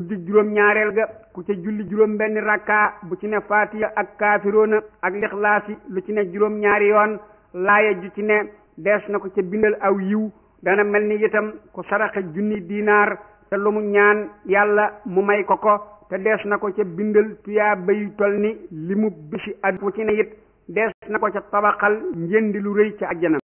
julli juróom ñaareel ga ku ca julli juróom benn rakka bu ci ne faatiya ak kaafiroona ak lixlaasi lu ci ne juróom ñaari yoon laaya ju ci ne dees na ko ca bindal aw yiw dana mel ni itam ku saraxe junni te lu mu ñaan yàlla mu may ko ko te dees na ca bindal tuyaa bayu tol ni bisi at fu ci ne it dees na ko ca tabaxal njëndi lu rëy ca ajjana